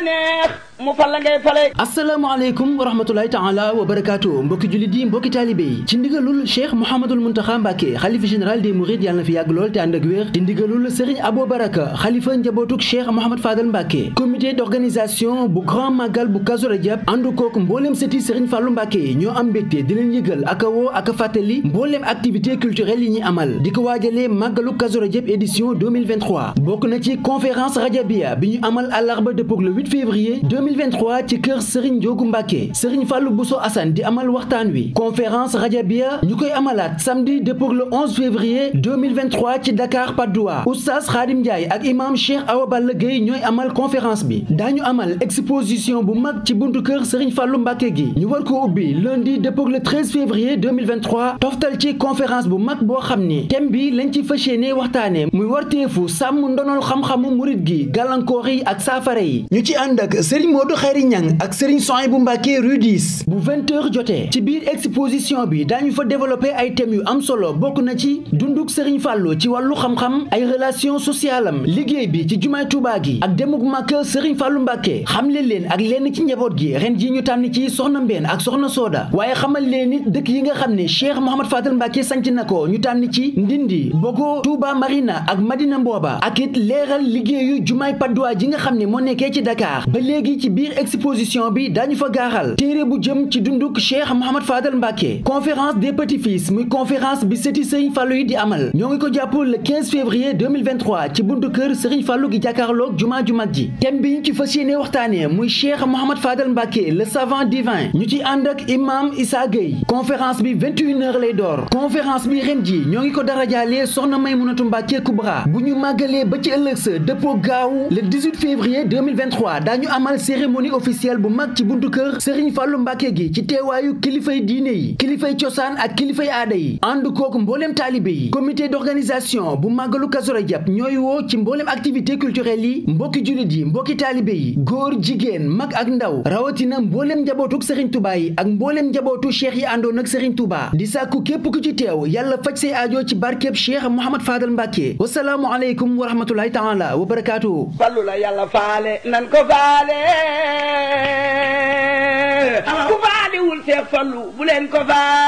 neex mu fal la ngay fale asalaamaaleykum wa rahmatulahi taala wa barakaatu mbokki jullit yi mbokki taalibe yi ci ndigalul cheikh mouhamadul muntaxa mbàkke xalifa général des mourides yàlla na fi yàgg lool te ànd ak wér ci ndigalul sëriñ abo baraka xalifa njabootuk cheikh mohamad fadal mbàkke comité d'organisation bu grand magal bu kazu rajab ànd kook mbooleem sëti sëriñ fàllu mbàkke ñoo am mbégte di leen yëgal ak a woo ak a fàttali mboolem activité culturelle yi ñuy amal di ko waajalee màggalu kazu rajab édition 2023 bokk na ci conférence rajabiya bi ñu amal àllarba dëppook le 8 février 2023 ci kër Serigne Ndiogou Mbacké Serigne Fallou Bousso Assane di amal waxtaan wi conférence rajabiya ñu koy amalaat samedi depuis le 11 février 2023 ci dakaar Patte d'Oie Oustaz Khadim Ndiaye ak imam Cheikh Awa Balla Gueye ñooy amal conférence bi daa ñu amal exposition bu mag ci buntu kër Serigne fàllu Mbacké gi ñu war ko ubbi lundi depuis le 13 février 2023 toftal ci conférence bu mag boo xam ni thème bi lañ ci fas yéene waxtaane muy warteefu sàmm ndonol xam-xamu murit gi gàllankoor yi ak yi ñu ci ànd Modou Khayri Niang ak Serigne Souhaïbou Mbacké rue 10 bu 20 heures jotee ci biir exposition bi daañu fa développer ay thèmes yu am solo bokk na ci dunduk Serigne Fallou ci wàllu xam-xam ay relation sociale am liggéey bi ci jumaay Touba gi ak demuk Màkka Serigne Fallou Mbacké xamle leen ak lenn ci njaboot gi ren ji ñu tànn ci soxna Mbène ak soxna sooda waaye xamal leen it dëkk yi nga xam ne Cheikh Mouhamad Fadel Mbacké sanc na ko ñu tànn ci Ndindi Bogo Touba Marina ak Madina Mbooba ak it leeral liggéeyu jumaay Padoua ji nga xam ne moo nekkee ci Dakar ci biir exposition bi dañu fa gaaral téere bu jëm ci dunduk Cheikh Mouhamad Fadal Mbacké conférence des petits-fils muy conférence bi sëti Serigne Fallou yi di amal ñoo ngi ko jàpp le 15 février 2023 ci buntu kër Serigne Fallou gi jàkkaarloog jumaa ju mag ji thème bi ñu ci fas yéene waxtaanee muy Cheikh Mouhamad Fadal Mbacké le savant divin ñu ci ànd ak imam Issa Gueye bi 21h lay door conférence bi ren ji ñoo ngi ko darajaalee soxna Maymunatu Mbacké Kubra bu ñu màggalee ba ci ëllëg sa dëppoo gaaw le 18 février cérémonie officielle bu mag ci buntu kër Serigne Fallou Mbacké gi ci teewaayu kilifay diine yi kilifay cosaan ak kilifay aada yi ànd kook mbooleem taalibe yi comité d'organisation bu màggalu Kazu Rajab ñooy woo ci mbooleem activité culturelle yi mbokki jullit yi mbokki taalibe yi góor jigéen mag ak ndaw rawatina mbooleem njabootuk Serigne Touba yi ak mbooleem njabootu cheikh yi àndoon ak Serigne di saku képp ku ci teew yàlla faj say aajo ci barkeb Cheikh Mouhamad Fadal Mbacké wasalaamu aleykum wa rahmatullahi taala wa barakaatu. Fallu ku faaliwul Seex Fallu bu leen ko faa